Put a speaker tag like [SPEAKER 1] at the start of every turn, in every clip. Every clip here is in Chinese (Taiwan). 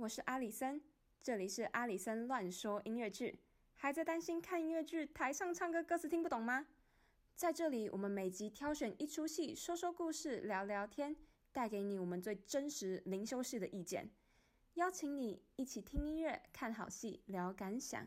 [SPEAKER 1] 我是阿里森，這裡是阿里森亂說音樂劇。還在擔心看音樂劇台上唱歌歌詞聽不懂嗎？在這裡，我們每集挑選一出戲，說說故事，聊聊天，帶給你我們最真實零修飾的意見，邀請你一起聽音樂、看好戲、聊感想。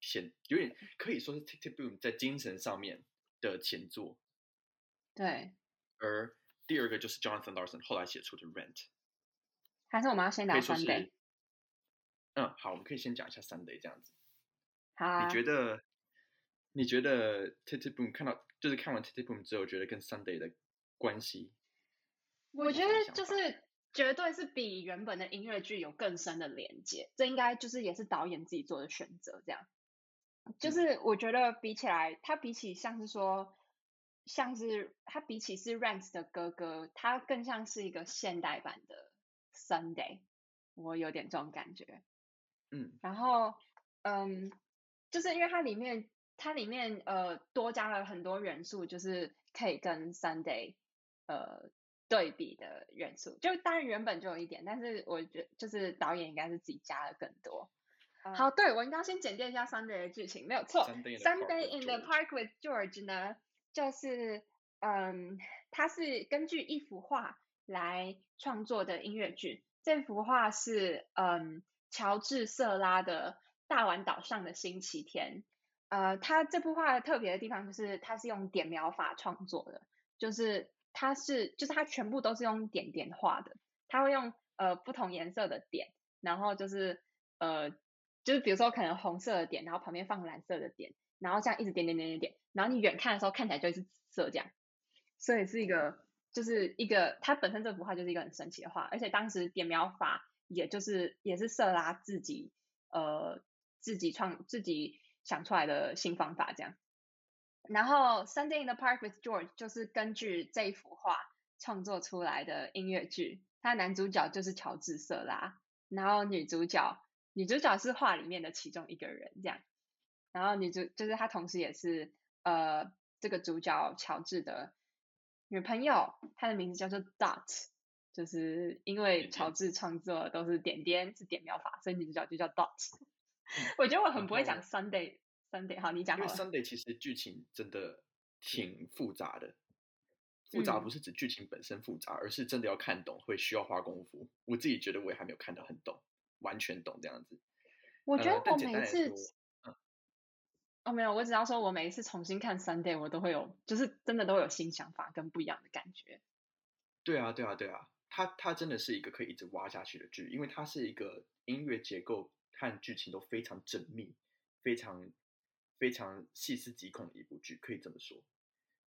[SPEAKER 2] 前有點可以說是《Tick Tick Boom》在精神上面的前作，
[SPEAKER 1] 對。
[SPEAKER 2] 而第二個就是 Jonathan Larson 後來寫出的《Rent》，
[SPEAKER 1] 還是我們要先聊《
[SPEAKER 2] Sunday》？嗯，好，我們可以先講一下《Sunday》這樣子。
[SPEAKER 1] 好、啊。你覺得？
[SPEAKER 2] 你覺得《Tick Tick Boom》看到就是看完《Tick Tick Boom》之後，覺得跟《Sunday》的關係？
[SPEAKER 1] 我覺得就是絕對是比原本的音樂劇有更深的連接，這應該就是也是導演自己做的選擇這樣。就是我覺得比起來，他比起像是說，像是他比起是 Rent 的哥哥，他更像是一個現代版的 Sunday，我有點這種感覺。嗯，然後嗯，就是因為它裡面，它裡面呃多加了很多元素，就是可以跟 Sunday 呃對比的元素，就當然原本就有一點，但是我覺得就是導演應該是自己加了更多。好，uh, 對，我應該先簡介一下 Sunday 的劇情，沒有錯。Sunday in, in the Park with George 呢，就是嗯，它是根據一幅畫來創作的音樂劇。這幅畫是嗯，喬治·色拉的《大碗島上的星期天》。呃，它這幅畫特別的地方就是，它是用點描法創作的，就是它是，就是它全部都是用點點畫的。它會用呃不同顏色的點，然後就是呃。就是比如說可能紅色的點，然後旁邊放藍色的點，然後這樣一直點點點點點，然後你遠看的時候，看起來就是紫色這樣，所以是一個就是一個他本身這幅畫就是一個很神奇的畫，而且當時點描法也就是也是色拉自己呃自己創自己想出來的新方法這樣，然後《Sunday in the Park with George》，就是根據這一幅畫創作出來的音樂劇，他的男主角就是喬治色拉，然後女主角。女主角是畫裡面的其中一個人，這樣。然後女主就是她，同時也是呃這個主角喬治的女朋友，她的名字叫做 Dot，就是因為喬治創作都是點點，點點是點描法，所以女主角就叫 Dot。 我覺得我很不會講 Sunday Sunday，、嗯、好，你講好。Sunday
[SPEAKER 2] 其實劇情真的挺複雜的，嗯、複雜不是指劇情本身複雜，而是真的要看懂會需要花功夫。我自己覺得我也還沒有看得很懂。完全懂這樣子，我覺得我每一次，
[SPEAKER 1] 哦沒有，我只要說我每一次重新看 Sunday，我都會有，就是真的都有新想法，跟不一樣的感覺。
[SPEAKER 2] 對啊，對啊，對啊，它它真的是一個可以一直挖下去的劇，因為它是一個音樂結構和劇情都非常縝密、非常非常細思極恐的一部劇，可以這麼說。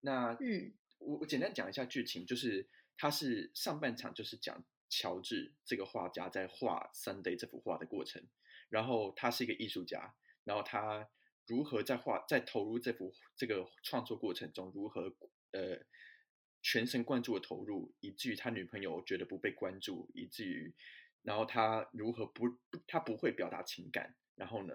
[SPEAKER 2] 那嗯，我我簡單講一下劇情，就是它是上半場就是講。喬治這個畫家在畫《Sunday》這幅畫的過程，然後他是一個藝術家，然後他如何在畫在投入這幅這個創作過程中，如何呃全神貫注的投入，以至於他女朋友覺得不被關注，以至於然後他如何不他不會表達情感，然後呢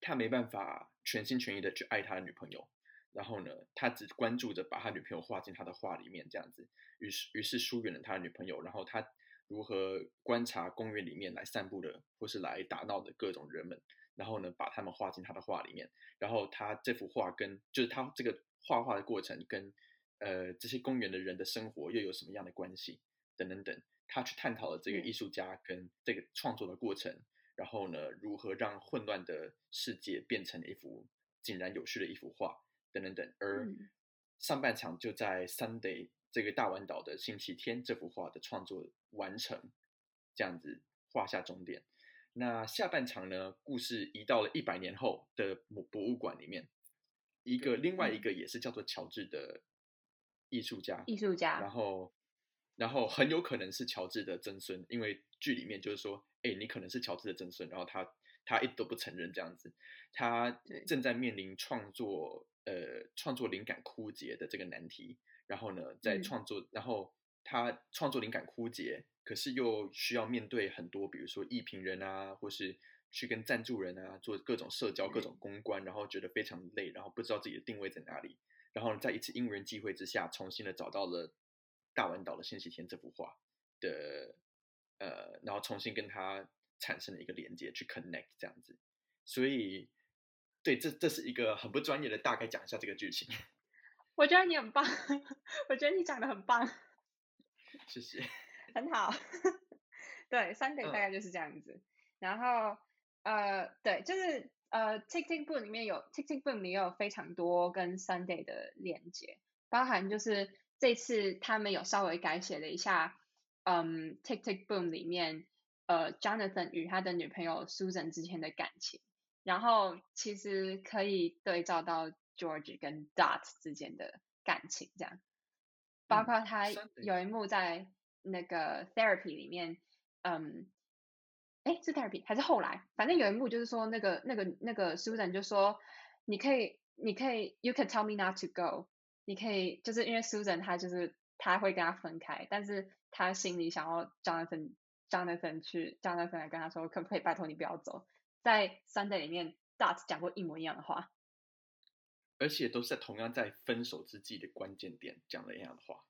[SPEAKER 2] 他沒辦法全心全意的去愛他的女朋友，然後呢他只關注着把他女朋友畫進他的畫裡面這樣子，於是於是疏遠了他的女朋友，然後他。如何觀察公園裡面來散步的，或是來打鬧的各種人們，然後呢，把他們畫進他的畫裡面。然後他這幅畫跟就是他這個畫畫的過程跟，跟呃這些公園的人的生活又有什麼樣的關係？等等等，他去探討了這個藝術家跟這個創作的過程，嗯、然後呢，如何讓混亂的世界變成一幅井然有序的一幅畫，等等等。而上半場就在 Sunday。這個大碗島的星期天這幅畫的創作完成，這樣子畫下終點。那下半場呢？故事移到了一百年後的博物館裡面，一個另外一個也是叫做喬治的藝術家，藝術家，然後然後很有可能是喬治的曾孫，因為劇裡面就是說，哎，你可能是喬治的曾孫，然後他他一直都不承認這樣子，他正在面臨創作呃創作靈感枯竭的這個難題。然後呢，在創作，嗯、然後他創作靈感枯竭，可是又需要面對很多，比如說藝評人啊，或是去跟贊助人啊做各種社交、各種公關，嗯、然後覺得非常累，然後不知道自己的定位在哪裡。然後在一次因緣際會之下，重新的找到了大碗島的星期天這幅畫的呃，然後重新跟他產生了一個連接，去 connect 這樣子。所以，對，這這是一個很不專業的大概講一下這個劇情。
[SPEAKER 1] 我覺得你很棒，我覺得你講的很棒，謝
[SPEAKER 2] 謝，
[SPEAKER 1] 很好，對，Sunday 大概就是這樣子，嗯、然後呃，對，就是呃 Tick Tick Boom 裡面有 Tick Tick Boom 裡面也有非常多跟 Sunday 的鏈接，包含就是這次他們有稍微改寫了一下，嗯 Tick Tick Boom 裡面呃，Jonathan 與他的女朋友 Susan 之間的感情，然後其實可以對照到。George 跟 Dot 之間的感情，這樣，包括他有一幕在那個 Therapy 裡面，嗯，哎，是 Therapy 還是後來？反正有一幕就是說，那個那個那個 Susan 就說：“你可以，你可以，You can tell me not to go。”你可以，就是因為 Susan 她就是她會跟他分開，但是他心裡想要 Jonathan Jonathan 去 Jonathan 來跟他說：“可不可以拜託你不要走？”在 Sunday 裡面，Dot 講過一模一樣的
[SPEAKER 2] 話。而且都是在同樣在分手之際的關鍵點講了一樣的話，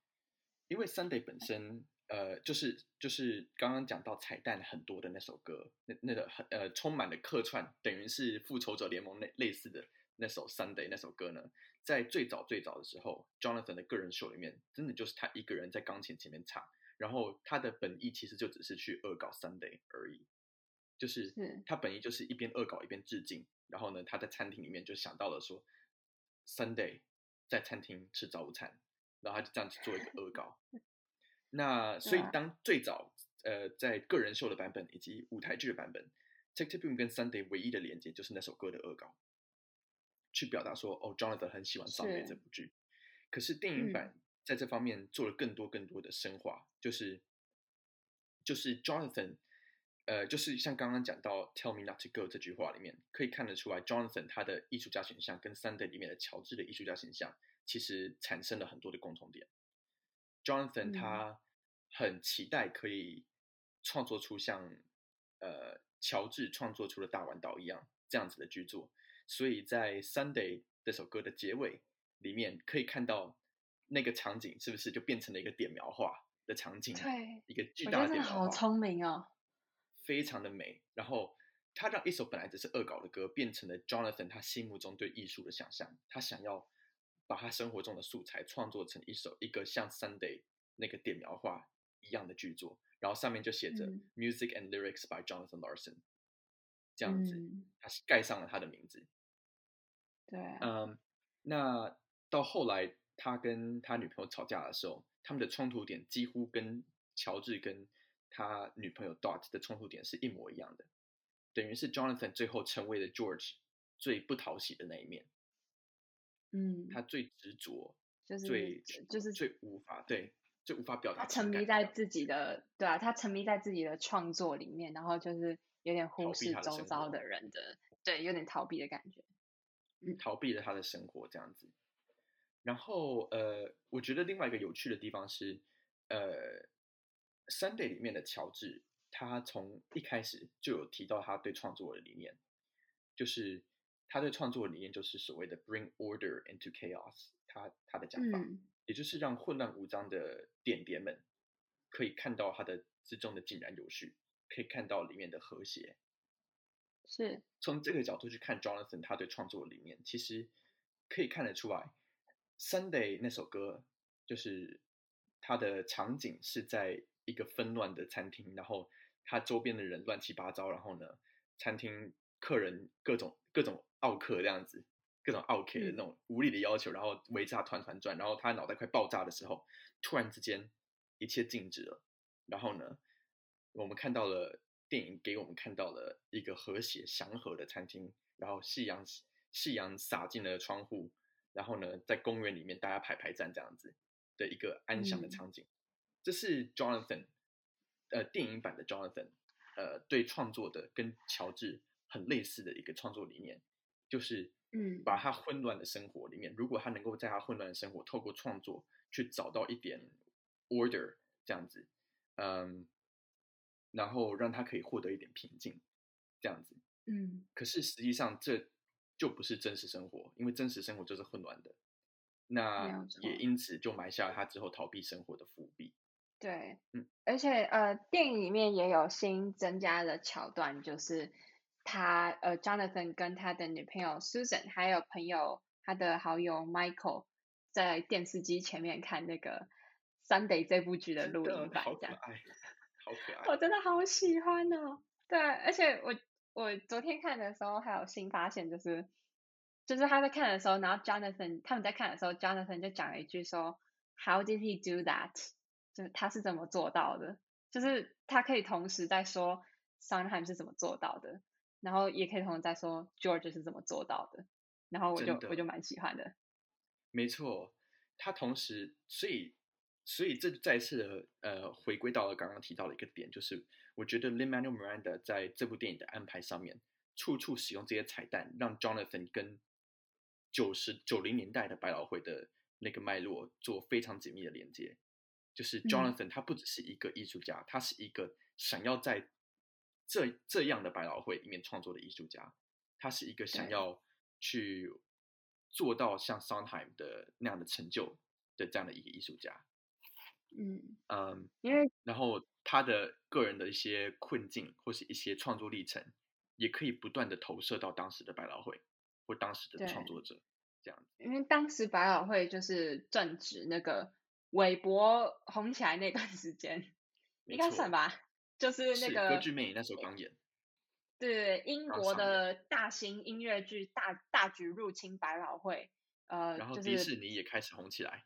[SPEAKER 2] 因為 Sunday 本身，呃，就是就是剛剛講到彩蛋很多的那首歌，那那個很呃充滿了客串，等於是復仇者聯盟類類似的那首 Sunday 那首歌呢，在最早最早的時候，Jonathan 的個人秀裡面，真的就是他一個人在鋼琴前面唱，然後他的本意其實就只是去惡搞 Sunday 而已，就是他本意就是一邊惡搞一邊致敬，然後呢，他在餐廳裡面就想到了說。Sunday 在餐廳吃早午餐，然後他就這樣子做一個惡搞。那所以當最早 呃在個人秀的版本以及舞台劇的版本，《Tick Tick Boom》跟 Sunday 唯一的連接就是那首歌的惡搞，去表達說哦，Jonathan 很喜歡 Sunday 這部劇。可是電影版在這方面做了更多更多的昇華，嗯就是，就是就是 Jonathan。呃，就是像剛剛講到 "Tell me not to go" 這句話裡面，可以看得出來 Jonathan 他的藝術家形象跟 Sunday 裡面的喬治的藝術家形象，其實產生了很多的共同點。Jonathan 他很期待可以創作出像、嗯、呃喬治創作出的《大碗島》一樣這樣子的劇作，所以在 Sunday 這首歌的結尾裡面，可以看到那個場景是不是就變成了一個點描畫的場景？對，一個巨大的點描畫。我
[SPEAKER 1] 真的好聰明哦！
[SPEAKER 2] 非常的美，然後他讓一首本來只是惡搞的歌，變成了 Jonathan 他心目中對藝術的想象。他想要把他生活中的素材創作成一首一個像 Sunday 那個點描畫一樣的劇作，然後上面就寫着 Music and lyrics by Jonathan Larson，嗯，
[SPEAKER 1] 這樣子，
[SPEAKER 2] 他是蓋上了他的名字。
[SPEAKER 1] 對啊，嗯，um,
[SPEAKER 2] 那到後來他跟他女朋友吵架的時候，他們的衝突點幾乎跟喬治跟。他女朋友 Dot 的衝突點是一模一樣的，等於是 Jonathan 最後成為了 George 最不討喜的那一面。嗯，他最執着，就是最就是最無法對，最無法表達。他沉迷
[SPEAKER 1] 在自己的，自己的對啊，他沉迷在自己的創作裡面，然後就是有點忽視周遭的人的，的對，有點逃避的感覺。嗯，
[SPEAKER 2] 逃避了他的生活這樣子。然後呃，我覺得另外一個有趣的地方是呃。Sunday 裡面的喬治，他從一開始就有提到他對創作的理念，就是他對創作的理念就是所謂的 “Bring order into chaos” 他。他他的講法，嗯、也就是讓混亂無章的點點們，可以看到他的之中的井然有序，可以看到裡面的和諧。
[SPEAKER 1] 是，
[SPEAKER 2] 從這個角度去看 Jonathan 他對創作的理念，其實可以看得出來，Sunday 那首歌就是他的場景是在，一個紛亂的餐廳，然後他周邊的人亂七八糟，然後呢，餐廳客人各種各種傲客，這樣子，各種傲 K 的那種無理的要求，然後圍着他團團轉，然後他腦袋快爆炸的時候，突然之間一切靜止了，然後呢，我們看到了電影給我們看到了一個和諧祥和的餐廳，然後夕陽夕陽灑進了窗戶，然後呢，在公園裡面大家排排站這樣子的一個安詳的場景。嗯這是 Jonathan，呃，電影版的 Jonathan，呃，對創作的跟喬治很類似的一個創作理念，就是，嗯，把他混亂的生活裡面，嗯、如果他能夠在他混亂的生活透過創作去找到一點 order 這樣子，嗯，然後讓他可以獲得一點平靜，這樣子，嗯，可是實際上這就不是真實生活，因為真實生活就是混亂的，那也因此就埋下了他之後逃避生活的伏筆。
[SPEAKER 1] 對，嗯，而且呃，電影裡面也有新增加的橋段，就是他呃，Jonathan 跟他的女朋友 Susan 還有朋友他的好友 Michael 在電視機前面看那個 Sunday 這部劇的錄音版，嗯，好可愛，好可愛， 我真的好喜歡呢，啊。對，而且我我昨天看的時候還有新發現，就是就是他在看的時候，然後 Jonathan 他們在看的時候，Jonathan 就講了一句說，How did he do that? 就他是怎麼做到的？就是他可以同時在說 Sondheim 是怎麼做到的，然後也可以同時在說 George 是怎麼做到的，然後我就的我就蠻喜歡的。
[SPEAKER 2] 沒錯，他同時，所以所以這再次的呃回歸到了剛剛提到的一個點，就是我覺得 Lin-Manuel Miranda 在這部電影的安排上面，處處使用這些彩蛋，讓 Jonathan 跟九十九零年代的百老匯的那個脈絡做非常緊密的連接。就是 Jonathan，他不只是一個藝術家，嗯、他是一個想要在這這樣的百老匯裡面創作的藝術家，他是一個想要去做到像 Sondheim 的那樣的成就的這樣的一個藝術家。嗯嗯，嗯因為然後他的個人的一些困境或是一些創作歷程，也可以不斷的投射到當時的百老匯或當時的創作者對這樣
[SPEAKER 1] 子。因為當時百老匯就是正值那個。韋伯紅起來那段時間，錯應該算吧，就是那個是歌劇
[SPEAKER 2] 魅影那時候剛演，對，
[SPEAKER 1] 對，對英國的大型音樂劇大《大大舉入侵百老匯》，呃，然後迪士尼
[SPEAKER 2] 也開始紅起來，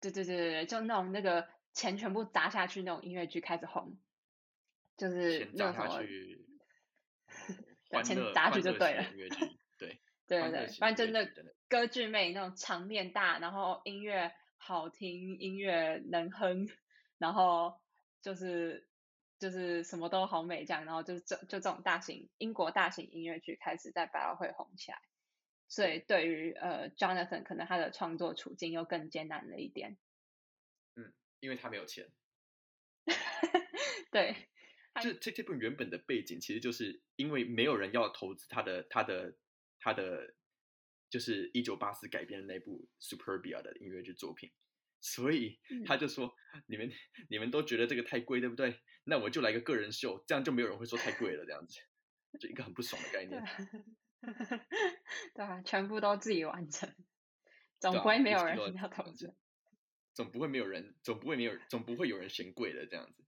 [SPEAKER 1] 就是、對對對，對就那種那個錢全部砸下去那種音樂劇開始紅，就是砸下去，把
[SPEAKER 2] 錢砸去就對了，音 對對對，反正真的
[SPEAKER 1] 歌劇魅影那種場面大， 然後音樂。好聽音樂能哼，然後就是就是什麼都好美這樣，然後就是這就這種大型英國大型音樂劇開始在百老匯紅起來，所以對於呃 Jonathan 可能他的創作處境又更艱難了一點。嗯，
[SPEAKER 2] 因為他沒有錢。
[SPEAKER 1] 對，
[SPEAKER 2] 這他這部原本的背景其實就是因為沒有人要投資他的他的他的。他的就是一九八四改編的那部《Superbia》的音樂劇作品，所以他就說：“嗯、你們你們都覺得這個太貴，對不對？那我就來個個人秀，這樣就沒有人會說太貴了， 這樣子，就一個很不爽的概念。”
[SPEAKER 1] 對啊，全部都自己完成，
[SPEAKER 2] 總不會沒有人要投資，總不會沒有人，總不會沒有，總不會有人嫌貴的這樣子。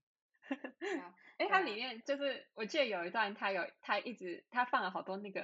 [SPEAKER 1] 哎，他裡面就是我記得有一段它有，他有他一直他放了好多那個。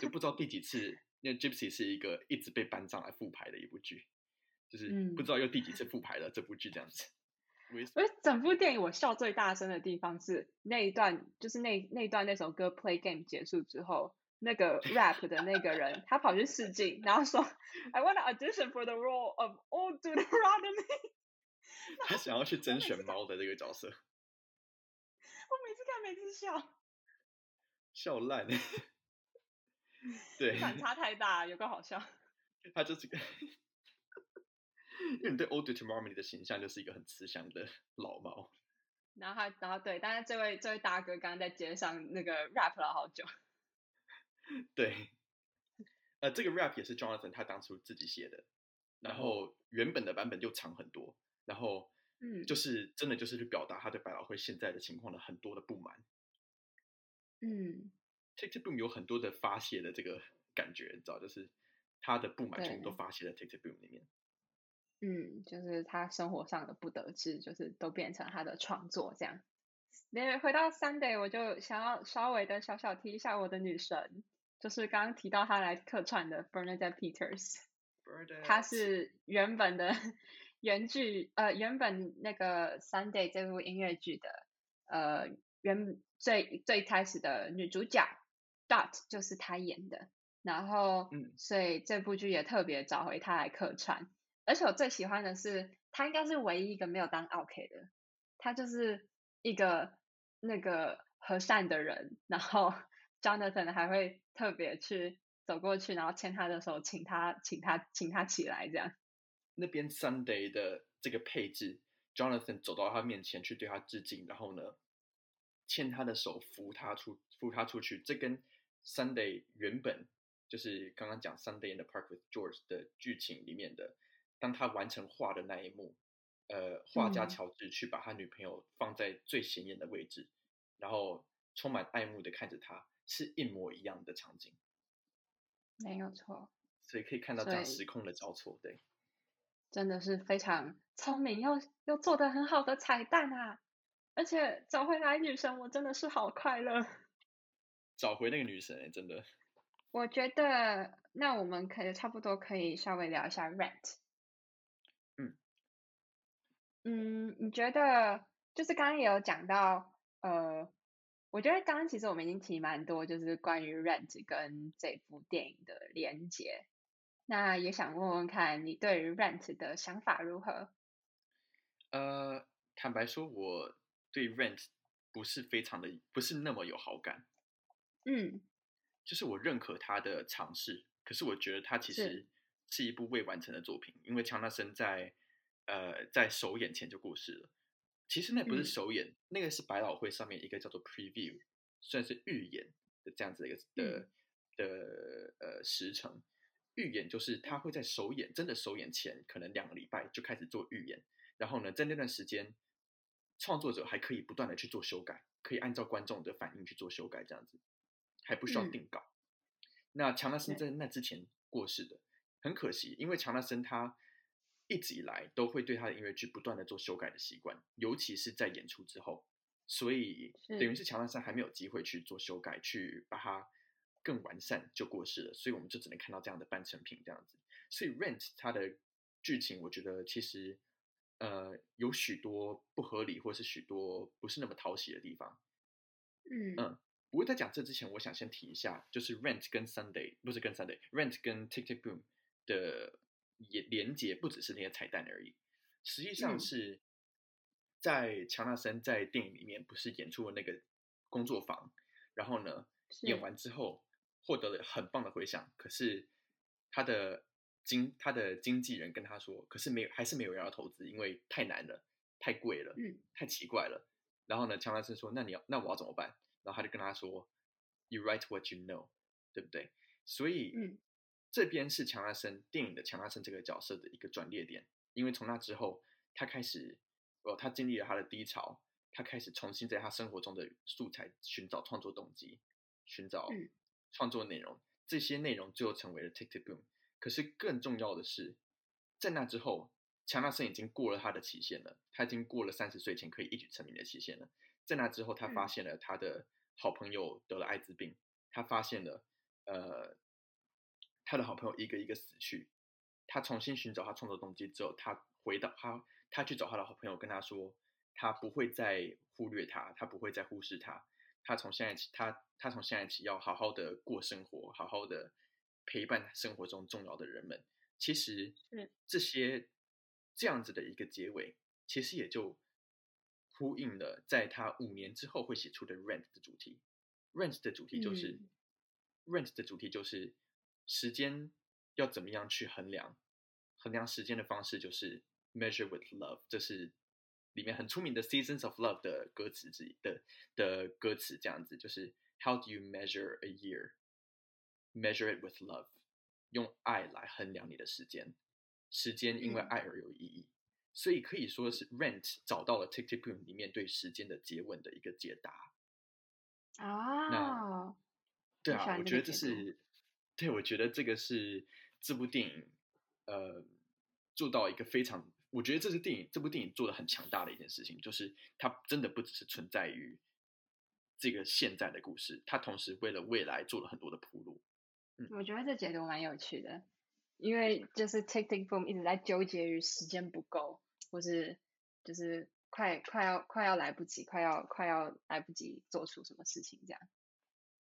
[SPEAKER 2] 就不知道第幾次，因為 Gypsy 是一個一直被班長來復排的一部劇，就是不知道又第幾次復排了這部劇這樣子。
[SPEAKER 1] 而、嗯、整部電影我笑最大聲的地方是那一段，就是那那段那首歌 Play Game 結束之後，那個 rap 的那個人 他跑去試鏡，然後說 I want an audition for the role of Old Deuteronomy
[SPEAKER 2] 他想要去甄選貓的這個角色。
[SPEAKER 1] 我每次看，每次，看每次笑，
[SPEAKER 2] 笑爛。對，反差
[SPEAKER 1] 太大，有個好笑。
[SPEAKER 2] 他就是個， 因為你對 Old Deuteronomy 的形象就是一個很慈祥的老貓。
[SPEAKER 1] 然後他，然後對，但是這位這位大哥剛剛在街上那個 rap 了好久。
[SPEAKER 2] 對，呃，這個 rap 也是 Jonathan 他當初自己寫的，然後原本的版本就長很多，然後、就是、嗯，就是真的就是去表達他對百老匯現在的情況的很多的不滿。嗯。Tick Tick Boom 有很多的發洩的這個感覺，你知道，就是他的不滿全部都發洩在 Tick Tick Boom 裡面。
[SPEAKER 1] 嗯，就是他生活上的不得志，就是都變成他的創作這樣。那回到 Sunday，我就想要稍微的小小提一下我的女神，就是剛剛提到她來客串的 Bernadette Peters。Burn it. 她是原本的原劇呃，原本那個 Sunday 這部音樂劇的呃原最最開始的女主角。就是他演的，然後嗯，所以這部劇也特別找回他來客串。嗯、而且我最喜歡的是，他應該是唯一一個沒有當 OK 的，他就是一個那個和善的人。然後 Jonathan 還會特別去走過去，然後牽他的手，請他，請他，請他起來這樣。
[SPEAKER 2] 那邊 Sunday 的這個配置，Jonathan 走到他面前去對他致敬，然後呢，牽他的手扶他出扶他出去，這跟。Sunday 原本就是剛剛講 Sunday in the Park with George 的劇情裡面的，當他完成畫的那一幕，呃，畫家喬治去把他女朋友放在最顯眼的位置，嗯、然後充滿愛慕的看着她，是一模一樣的場景，
[SPEAKER 1] 沒有錯，
[SPEAKER 2] 所以可以看到這樣時空的交錯，所以對，
[SPEAKER 1] 真的是非常聰明又又做得很好的彩蛋啊，而且找回來女神，我真的是好快樂。
[SPEAKER 2] 找回那個女神、欸、真的。
[SPEAKER 1] 我覺得那我們可以差不多可以稍微聊一下 Rent。嗯嗯，你覺得就是剛剛也有講到呃，我覺得剛剛其實我們已經提蠻多，就是關於 Rent 跟這部電影的連接。那也想問問看你對於 Rent 的想法如何？
[SPEAKER 2] 呃，坦白說，我對 Rent 不是非常的，不是那麼有好感。嗯，就是我認可他的嘗試，可是我覺得他其實是一部未完成的作品，對因為喬納森在呃在首演前就過世了。其實那不是首演，嗯、那個是百老匯上面一個叫做 preview，算是預演的這樣子的一個的、嗯、的，的呃時程。預演就是他會在首演真的首演前可能兩個禮拜就開始做預演，然後呢，在那段時間，創作者還可以不斷的去做修改，可以按照觀眾的反應去做修改，這樣子。還不需要定稿。嗯、那喬納森在那之前過世的，對很可惜，因為喬納森他一直以來都會對他的音樂劇不斷的做修改的習慣，尤其是在演出之後，所以等於是喬納森還沒有機會去做修改，是去把它更完善就過世了，所以我們就只能看到這樣的半成品這樣子。所以《Rent》它的劇情，我覺得其實呃有許多不合理或是許多不是那麼討喜的地方。嗯嗯。嗯不過在講這之前，我想先提一下，就是 Rent 跟 Sunday 不是跟 Sunday，Rent 跟 Tick Tick Boom 的連連接不只是那些彩蛋而已，實際上是，在喬納森在電影裡面不是演出了那個工作坊，然後呢是演完之後獲得了很棒的回響，可是他的經他的經紀人跟他說，可是沒有還是沒有人要投資，因為太難了，太貴了，嗯，太奇怪了。然後呢，喬納森說：“那你要那我要怎麼辦？”然後他就跟他說：“You write what you know，對不對？所以，嗯、這邊是強納森電影的強納森這個角色的一個轉捩點。因為從那之後，他開始，哦，他經歷了他的低潮，他開始重新在他生活中的素材尋找創作動機，尋找創作內容。這些內容最後成為了《Tick Tick Boom》。可是，更重要的是，在那之後，強納森已經過了他的期限了，他已經過了三十歲前可以一舉成名的期限了。”在那之後，他發現了他的好朋友得了艾滋病。嗯。他發現了，呃，他的好朋友一個一個死去。他重新尋找他創作動機之後，他回到他，他去找他的好朋友，跟他說，他不會再忽略他，他不會再忽視他。他從現在起，他他從現在起要好好的過生活，好好的陪伴生活中重要的人們。其實，這些這樣子的一個結尾，其實也就。呼應了在他五年之後會寫出的《Rent》的主題，《Rent》的主題就是，嗯，《Rent》的主題就是時間要怎麼樣去衡量，衡量時間的方式就是 measure with love，這是裡面很出名的《Seasons of Love》的歌詞之一的的歌詞這樣子，就是 How do you measure a year? Measure it with love，用愛來衡量你的時間，時間因為愛而有意義。嗯所以可以說是 Rent 找到了 Tick Tick Boom 裡面對時間的詰問的一個解答啊，oh，對啊，我覺得這是，對，我覺得這個是這部電影，呃，做到一個非常，我覺得這是電影，這部電影做的很強大的一件事情，就是它真的不只是存在於這個現在的故事，它同時為了未來做了很多的鋪路。
[SPEAKER 1] 我覺得這解讀蠻有趣的，因為就是 Tick Tick Boom 一直在糾結於時間不夠。或是就是快快要快要來不及，快要快要來不及做出什麼事情這樣，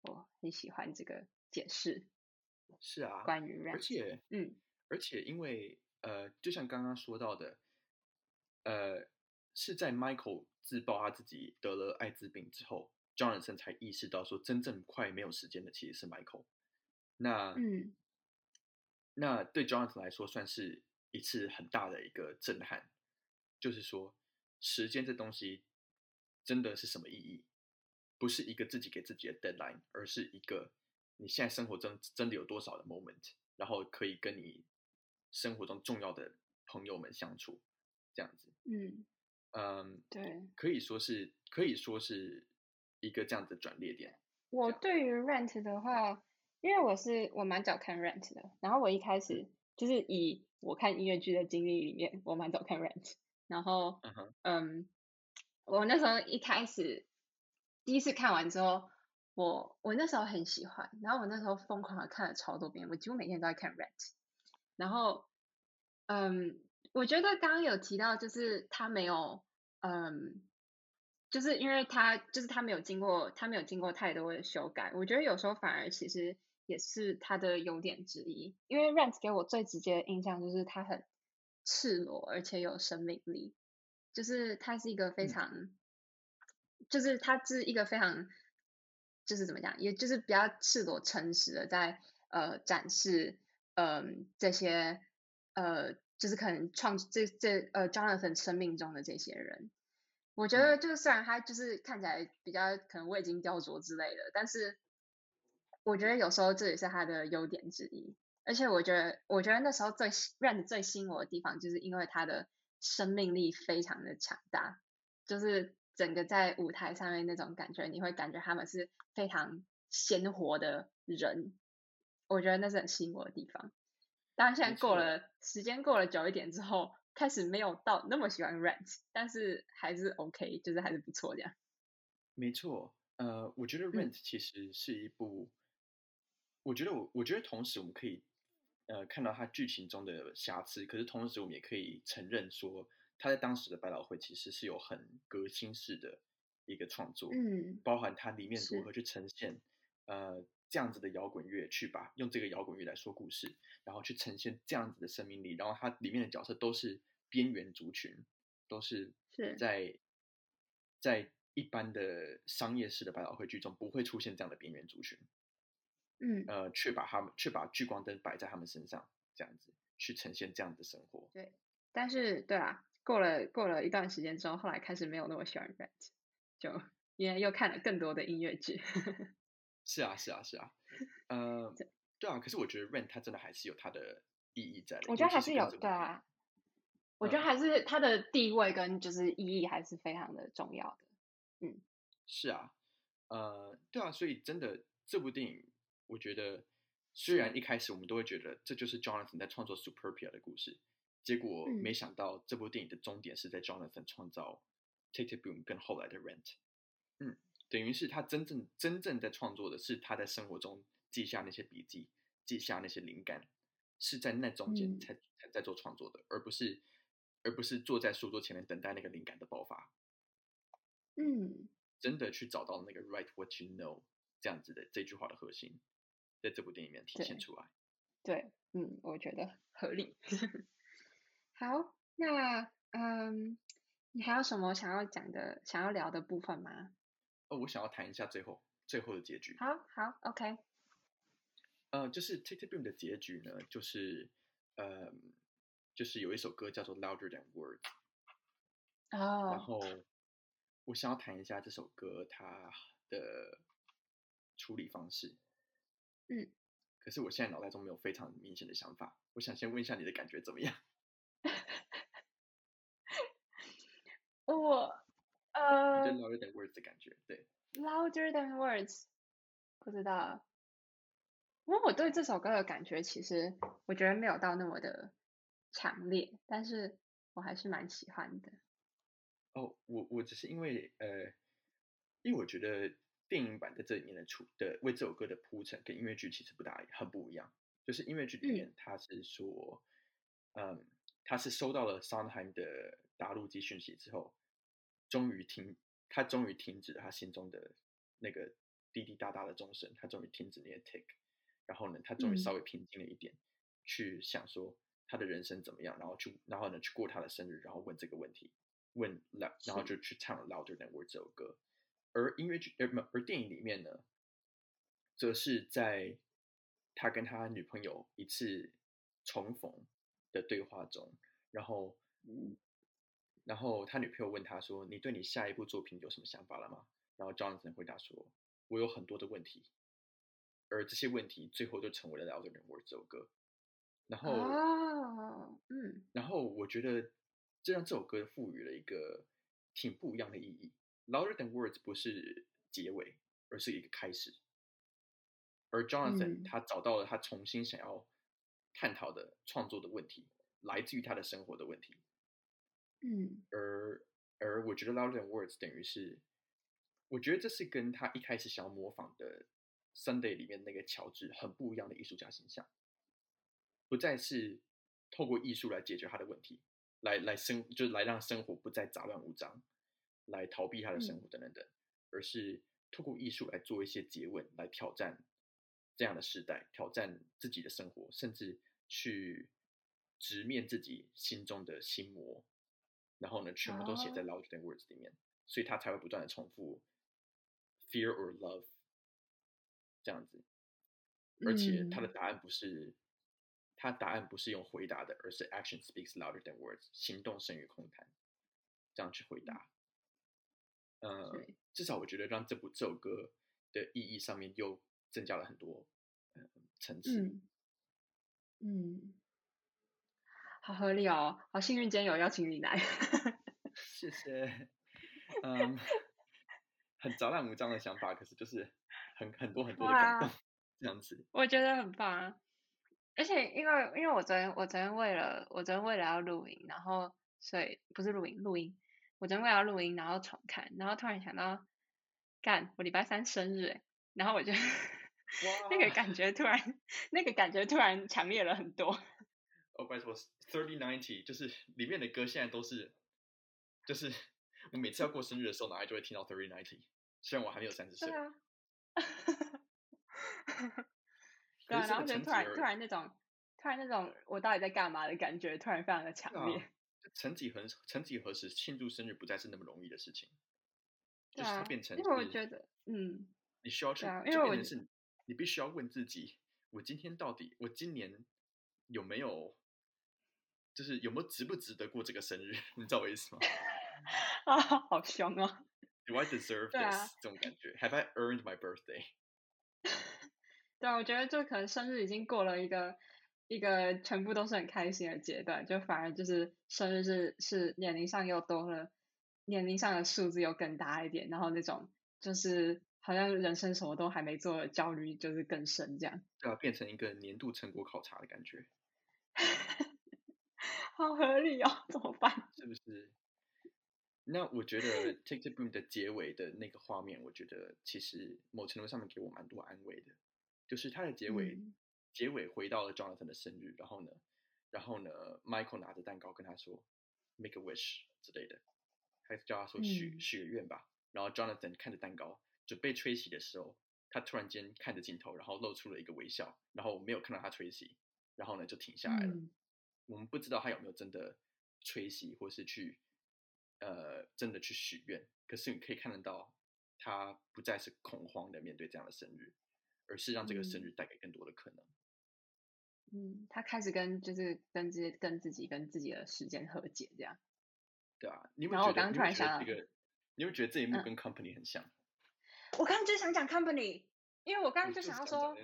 [SPEAKER 1] 我、oh, 很喜歡這個解釋。
[SPEAKER 2] 是啊，關於而且嗯，而且因為呃，就像剛剛說到的，呃，是在 Michael 自曝他自己得了艾滋病之後，Jonathan 才意識到說真正快沒有時間的其實是 Michael。那嗯，那對 Jonathan 來說算是一次很大的一個震撼。就是說，時間這東西真的是什麼意義？不是一個自己給自己的 deadline，而是一個你現在生活中真,真的有多少的 moment，然後可以跟你生活中重要的朋友們相處，這樣子。嗯嗯，um, 對，可以說是可以說是一個這樣子的轉捩點。
[SPEAKER 1] 我對於 rent 的話，因為我是我蠻早看 rent 的，然後我一開始、嗯、就是以我看音樂劇的經歷裡面，我蠻早看 rent。然後，uh huh. 嗯，我那時候一開始第一次看完之後，我我那時候很喜歡，然後我那時候瘋狂的看了超多遍，我幾乎每天都在看 Rent。然後，嗯，我覺得剛剛有提到，就是他沒有，嗯，就是因為他就是他沒有經過他沒有經過太多的修改，我覺得有時候反而其實也是他的優點之一，因為 Rent 給我最直接的印象就是他很。赤裸，而且有生命力，就是他是一個非常，嗯、就是他是一個非常，就是怎麼講，也就是比較赤裸、誠實的在呃展示嗯、呃、這些呃，就是可能創這這呃 Jonathan 生命中的這些人，我覺得就是雖然他就是看起來比較可能未經雕琢之類的，但是我覺得有時候這也是他的優點之一。而且我覺得，我覺得那時候最 Rent 最吸引我的地方，就是因為它的生命力非常的強大，就是整個在舞台上面那種感覺，你會感覺他們是非常鮮活的人。我覺得那是很吸引我的地方。當然，現在過了沒錯。時間過了久一點之後，開始沒有到那麼喜歡 Rent，但是還是 OK，就是還是不錯這樣。
[SPEAKER 2] 沒錯，呃，我覺得 Rent 其實是一部，嗯、我覺得我我覺得同時我們可以。呃，看到它劇情中的瑕疵，可是同時我們也可以承認說，他在當時的百老匯其實是有很革新式的一個創作，嗯，包含它裡面如何去呈現，是呃，這樣子的搖滾樂去吧，用這個搖滾樂來說故事，然後去呈現這樣子的生命力，然後它裡面的角色都是邊緣族群，都是在是在在一般的商業式的百老匯劇中不會出現這樣的邊緣族群。嗯，呃，卻把他們，卻把聚光燈擺在他們身上，這樣子去呈現這樣的生活。
[SPEAKER 1] 對，但是對啊，過了過了一段時間之後，後來開始沒有那麼喜歡 Rent，就因為又看了更多的音樂劇。
[SPEAKER 2] 是啊，是啊，是啊。呃， 對啊，可是我覺得 Rent 它真的還是有它的意義在裡。我覺得還是有，是對啊。嗯，我覺得還是
[SPEAKER 1] 它的地位跟就是意義還是非常的重要的。嗯，
[SPEAKER 2] 是啊，呃，對啊，所以真的這部電影，我覺得，雖然一開始我們都會覺得這就是 Jonathan 在創作 Superbia 的故事，結果沒想到這部電影的終點是在 Jonathan 創造 Tick Tick Boom 跟後來的 Rent。嗯，等於是他真正真正在創作的是他在生活中記下那些筆記，記下那些靈感，是在那中間才，才在做創作的，而不是而不是坐在書桌前面等待那個靈感的爆發。嗯，真的去找到那個 Write What You Know 這樣子的這句話的核心。在這部電影裡面體現出來。
[SPEAKER 1] 對，對，嗯，我覺得
[SPEAKER 2] 合理。
[SPEAKER 1] 好，那嗯，你還有什麼想要講的、想要聊的部分嗎？
[SPEAKER 2] 哦，我想要談一下最後、最後的結局。好，
[SPEAKER 1] 好，OK。呃，
[SPEAKER 2] 就是《Tick Tick Boom》的結局呢，就是呃，就是有一首歌叫做《Louder Than Words》oh。哦。然後我想要談一下這首歌它的處理方式。嗯，可是我現在腦袋中沒有非常明顯的想法，我想先問一下你的感覺怎麼樣？
[SPEAKER 1] 我
[SPEAKER 2] 呃，uh, 感覺有點
[SPEAKER 1] Louder Than Words，不知道，因為我對這首歌的感覺，其實我覺得沒有到那麼的強烈，但是我還是蠻喜歡的。
[SPEAKER 2] 哦，oh，我我只是因為呃，因為我覺得。電影版在這裡面的出、的為這首歌的鋪陳跟音樂劇其實不大很不一樣，就是音樂劇裡面他、嗯、是說，嗯，他是收到了 Sondheim 的答錄機訊息之後，終於停，他終於停止了他心中的那個滴滴答答的鐘聲，他終於停止那個 tick，然後呢，他終於稍微平靜了一點，嗯、去想說他的人生怎麼樣，然後去然後呢去過他的生日，然後問這個問題，問然後就去唱《Louder Than Words》這首歌。是而音樂劇，呃，不，而電影裡面呢，則是在他跟他女朋友一次重逢的對話中，然後，然後他女朋友問他說：“你對你下一部作品有什麼想法了嗎？”然後 Jonathan 回答說：“我有很多的問題。”而這些問題最後就成為了《Louder Than Words》這首歌。然後，啊、
[SPEAKER 1] 嗯，
[SPEAKER 2] 然後我覺得這讓這首歌賦予了一個挺不一樣的意義。Louder than Words 不是結尾，而是一個開始。而 Jonathan，嗯，他找到了他重新想要探討的創作的問題，來自於他的生活的問題。嗯，而而我覺得 Louder than Words 等於是，我覺得這是跟他一開始想要模仿的 Sunday 裡面那個喬治很不一樣的藝術家形象，不再是透過藝術來解決他的問題，來來生就是來讓生活不再雜亂無章，來逃避他的生活等等等，嗯、而是透過藝術來做一些詰問，來挑戰這樣的時代，挑戰自己的生活，甚至去直面自己心中的心魔。然後呢，全部都寫在 louder than words 裡面，oh. 所以他才會不斷的重複 fear or love 這樣子。而且他的答案不是、嗯、他答案不是用回答的，而是 action speaks louder than words，行動勝於空談，這樣去回答。呃，嗯、是至少我覺得讓這部這首歌的意義上面又增加了很多層、呃、次嗯，
[SPEAKER 1] 嗯，好合理哦，好幸運今天有邀請你來，
[SPEAKER 2] 謝謝，嗯、um,，很雜亂無章的想法，可是就是很很多很多的感動，啊、這樣子，
[SPEAKER 1] 我覺得很棒，而且因為因為我昨天我昨天為了我昨天為了要錄影，然後所以不是錄影，錄音。我真的為了錄音，然後重看，然後突然想到，幹，我禮拜三生日，哎，然後我就，
[SPEAKER 2] 哇 那個
[SPEAKER 1] 感覺突然，那個感覺突然強烈了很多。
[SPEAKER 2] 哦，拜託，Thirty Ninety，就是裡面的歌，現在都是，就是我每次要過生日的時候，腦海就會聽到 Thirty Ninety，雖然我還沒有三十歲。對啊。然後就突然突然
[SPEAKER 1] 那種，突然那種我到底在幹嘛的感覺，突然非常的強烈。哦
[SPEAKER 2] 曾幾何時，曾幾何時，慶祝生日不再是那麼容易的事情，啊、就是它變成。因為我覺
[SPEAKER 1] 得，
[SPEAKER 2] 嗯，你需要去，啊、就變成是你，你必須要問自己：我今天到底，我今年有沒有，就是有沒有值不值得過這個生日？你知道我意思嗎？
[SPEAKER 1] 啊，好香啊、
[SPEAKER 2] 哦、！Do I deserve this？、啊、這種感覺？Have I earned my birthday？
[SPEAKER 1] 對，我覺得這可能生日已經過了一個。一個全部都是很開心的階段，就反而就是生日是是年齡上又多了，年齡上的數字又更大一點，然後那種就是好像人生什麼都還沒做的焦慮就是更深這樣。
[SPEAKER 2] 對啊，變成一個年度成果考察的感覺。
[SPEAKER 1] 好合理哦，怎麼辦？
[SPEAKER 2] 是不是？那我覺得 Tick Tick Boom 的結尾的那個畫面， 我覺得其實某程度上面給我蠻多安慰的，就是它的結尾。嗯。結尾回到了 Jonathan 的生日，然後呢，然後呢，Michael 拿着蛋糕跟他說 “make a wish” 之類的，還是叫他說許、嗯、許個願吧。然後 Jonathan 看着蛋糕準備吹熄的時候，他突然間看着鏡頭，然後露出了一個微笑，然後沒有看到他吹熄，然後呢就停下來了。嗯、我們不知道他有沒有真的吹熄或是去，呃，真的去許願。可是你可以看得到他不再是恐慌的面對這樣的生日，而是讓這個生日帶給更多的可能。嗯
[SPEAKER 1] 嗯，他開始跟就是跟自跟自己跟自己的時間和解這樣，對
[SPEAKER 2] 啊，你有有，然後我剛剛突然想到，你會覺、這個嗯、覺得這一幕跟 Company 很像。我
[SPEAKER 1] 剛剛就想講 Company，因為我剛剛就想要說，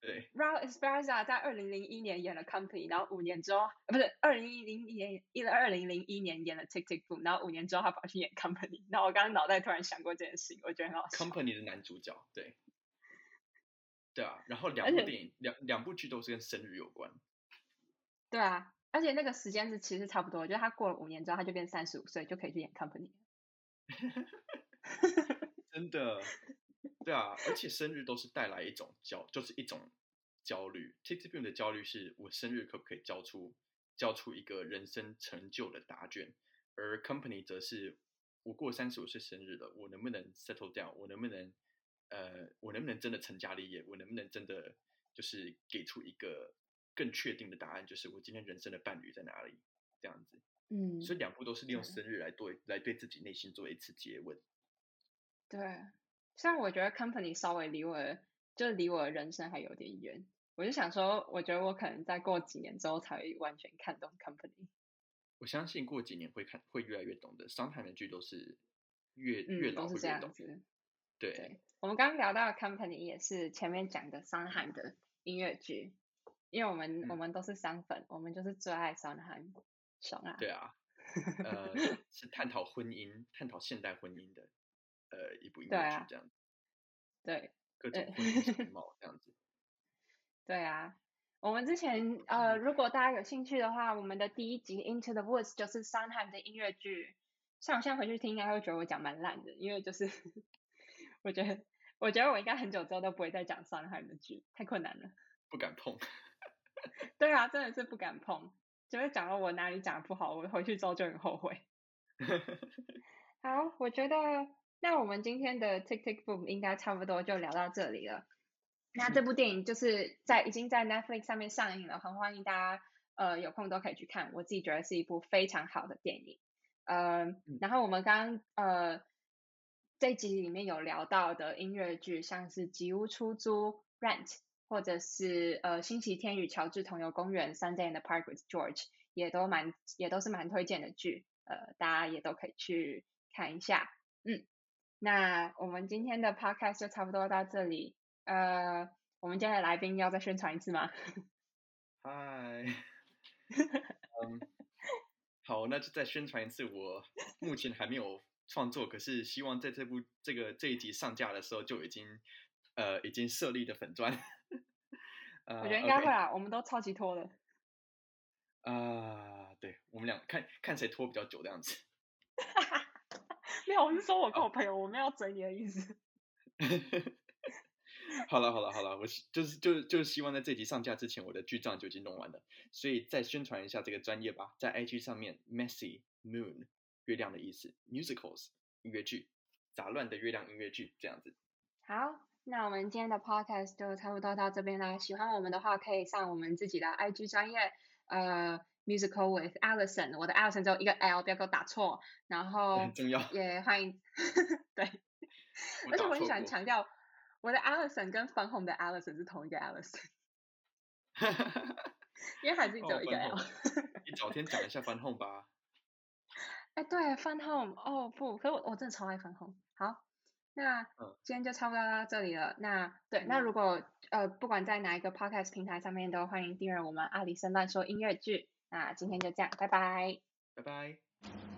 [SPEAKER 2] 對
[SPEAKER 1] ，Raul Esparza 在二零零一年演了 Company，然後五年之後，不是二零一零年，因為二零零一年演了 Tick Tick Boom，然後五年之後他跑去演 Company，然後我剛剛腦袋突然想過這件事情，我覺得很好笑。Company
[SPEAKER 2] 的男主角，對。對啊，然後兩部電影，且兩兩部劇都是跟生日有關。
[SPEAKER 1] 對啊，而且那個時間是其實差不多，就是他過了五年之後，他就變三十五歲，就可以去演 Company。
[SPEAKER 2] 真的， 對啊，而且生日都是帶來一種焦， 就是一種焦慮。Tick Tick Boom 的焦慮是我生日可不可以交出交出一個人生成就的答卷，而 Company 則是我過三十五歲生日了，我能不能 settle down，我能不能？呃，我能不能真的成家立業？我能不能真的就是給出一個更確定的答案？就是我今天人生的伴侶在哪裡？這樣子，嗯，所以兩部都是利用生日來對，對，來對自己內心做一次詰問。
[SPEAKER 1] 對，雖然我覺得 company 稍微離我就離我的人生還有點遠，我就想說，我覺得我可能再過幾年
[SPEAKER 2] 之後才會完全看懂 company，我相信過幾年會看，會越來越懂的。商台的劇都是越越老會越懂，對。對
[SPEAKER 1] 我們剛剛聊到 company 也是前面講的 Sondheim 的音樂劇，因為我們、嗯、我們都是商粉，我們就是最愛 Sondheim。山啊。對
[SPEAKER 2] 啊，呃， 是探討婚姻，探討現代婚姻的，呃，一部音樂劇這樣對、啊、對。各種婚姻情貌這樣子。呃、
[SPEAKER 1] 對啊，我們之前呃，如果大家有興趣的話，我們的第一集《Into the Woods》就是 Sondheim 的音樂劇。像我現在回去聽，應該會覺得我講蠻爛的，因為就是。 我覺得，我覺得我應該很久之後都不會再講上海的劇，太困難了。
[SPEAKER 2] 不敢碰。
[SPEAKER 1] 對啊，真的是不敢碰，就是講到我哪裡講不好，我回去之後就很後悔。 好，我覺得那我們今天的《Tick Tick Boom》應該差不多就聊到這裡了。那這部電影就是在已經在 Netflix 上面上映了，很歡迎大家，呃，有空都可以去看。我自己覺得是一部非常好的電影。呃，嗯。然後我們剛剛，呃。這集裡面有聊到的音樂劇，像是《吉屋出租》（Rent） 或者是呃，《星期天與喬治同遊公園》（Sunday in the Park with George），也都蠻也都是蠻推薦的劇，呃，大家也都可以去看一下。嗯，那我們今天的 Podcast 就差不多到這裡。呃，我們今天的來賓要再宣傳一次嗎？
[SPEAKER 2] 嗨。嗯，Hi . um, 好，那就再宣傳一次。我目前還沒有。創作，可是希望在這部這個這一集上架的時候就已經呃已經設立的粉專，我覺得應該會
[SPEAKER 1] 啊， 我們都超級拖的。
[SPEAKER 2] 啊、呃，對，我們倆看看誰拖比較久的樣子。
[SPEAKER 1] 沒有，我是說我跟我朋友，oh. 我沒有嘴你的意思。
[SPEAKER 2] 好了好了好了，我就是就是就是希望在這一集上架之前，我的劇賬就已經弄完了，所以再宣傳一下這個專頁吧，在 IG 上面 Messy Moon。月亮的意思，musicals 音樂劇，雜亂的月亮音樂劇這樣子。
[SPEAKER 1] 好，那我們今天的 podcast 就差不多到這邊啦。喜歡我們的話，可以上我們自己的 IG 專頁，呃，musical with Alison，我的 Alison 只有一個 L，不要給我打錯。然後也歡迎，嗯、 對，而且我很喜歡強調，我的 Alison 跟粉紅的 Alison 是同一個 Alison。哈哈哈哈哈，因為還是只有一個、L 哦。
[SPEAKER 2] 你早天講一下粉紅吧。
[SPEAKER 1] 哎，對，Fun Home，哦不，可是我我真的超愛 Fun Home。好，那、哦、今天就差不多到這裡了。那對，嗯、那如果呃不管在哪一個 Podcast 平台上面，都歡迎訂閱我們阿里森亂說音樂劇。那今天就這樣，拜拜。
[SPEAKER 2] 拜拜。